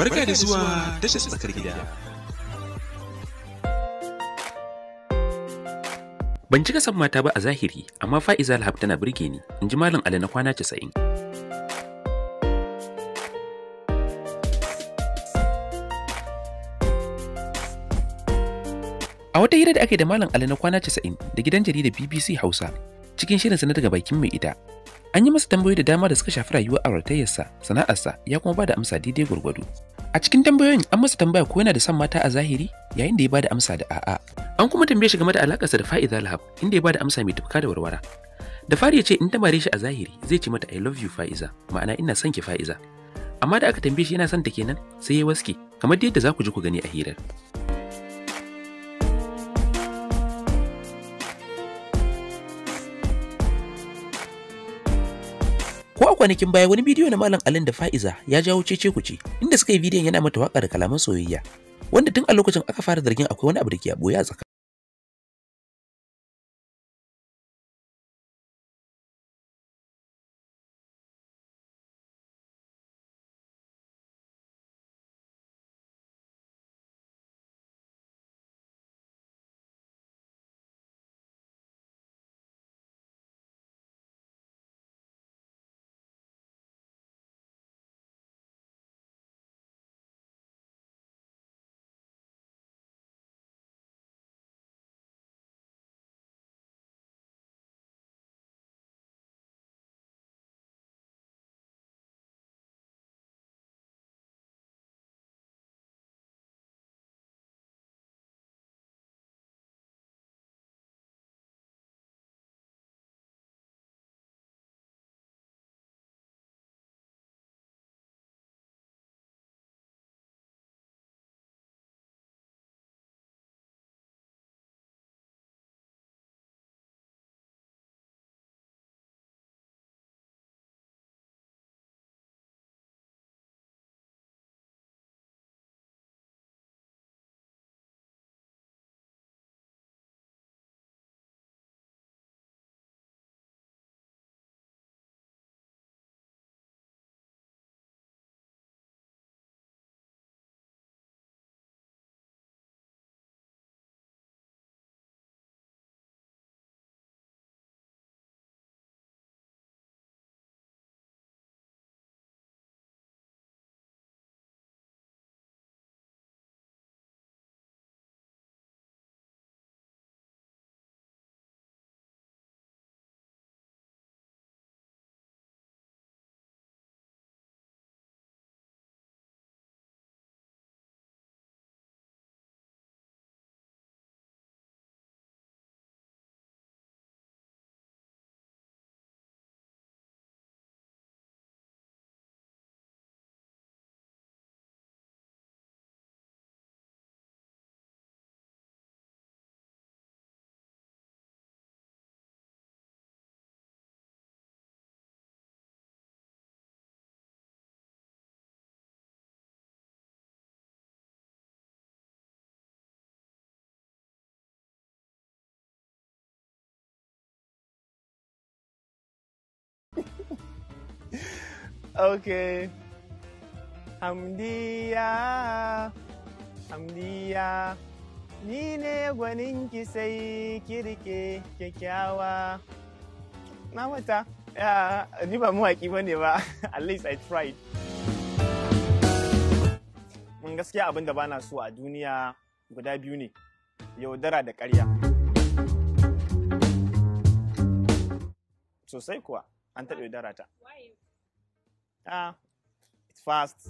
Barka da zuwa tashar tsakar gida. Ban cika san mata ba a zahiri, amma Fa'iza Alhab tana birge ni, in ji Malam Ali na kwana casa'in. A wata hira da aka yi da Malam Ali na kwana casa'in da gidan jaridar BBC Hausa, cikin shirin sanar daga bakin mai ita, an yi masa tambayoyi da dama da suka shafi rayuwar auratayyarsa sana'arsa ya kuma ba da amsa daidai gwargwado A cikin tambayoyin an masa tambaya ko yana da son mata a zahiri yayin da ya bada amsa da a'a. An kuma tambaye shi game da alakarsa da Fa'iza Lahab inda ya bada amsa mai tufka da warwara. Da fari ya ce in tambare shi a zahiri zai ce mata I love you Fa'iza ma'ana ina son ki Fa'iza. Amma da aka tambaye shi yana son ta kenan sai ya waske kamar yadda za ku ji ku gani a hirar. Ko a kwanakin baya wani bidiyo na Malam Alin da Fa'iza ya jawo cece kuce inda suka yi bidiyon yana mata wakar da kalaman soyayya. Wanda tun a lokacin aka fara zargin akwai wani abu da ke a boye a Okay. Hamdiya, Hamdiya, ni ne gwaninki sai kirke kyakkyawa. Na wata, ni ba mawaƙi ba ne ba, at least I tried. Mun gaskiya abin da bana so a duniya guda biyu ne, yaudara da ƙarya. Sosai kuwa, an taɓa yaudara ta. Ah, it's fast.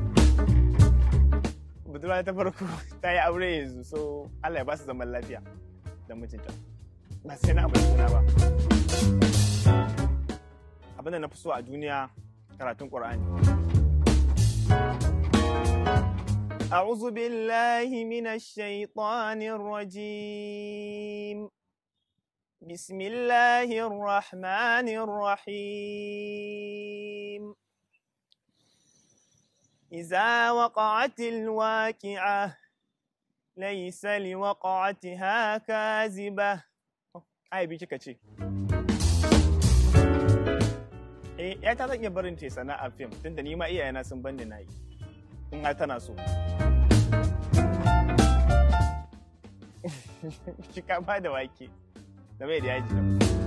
budurwa ta farko ta yi aure yanzu so Allah ya ba su zaman lafiya da mijinta ba sai na abin ba abin da na fi so a duniya karatun ƙur'ani أعوذ بالله من الشيطان الرجيم بسم الله الرحمن الرحيم إذا وقعت الواقعة ليس لوقعتها كاذبة أي بيجي كشي eh ya zan iya barin ta sana'a fim tunda ni ma iyayena sun banda nayi in har tana so shi ka wake game da yaji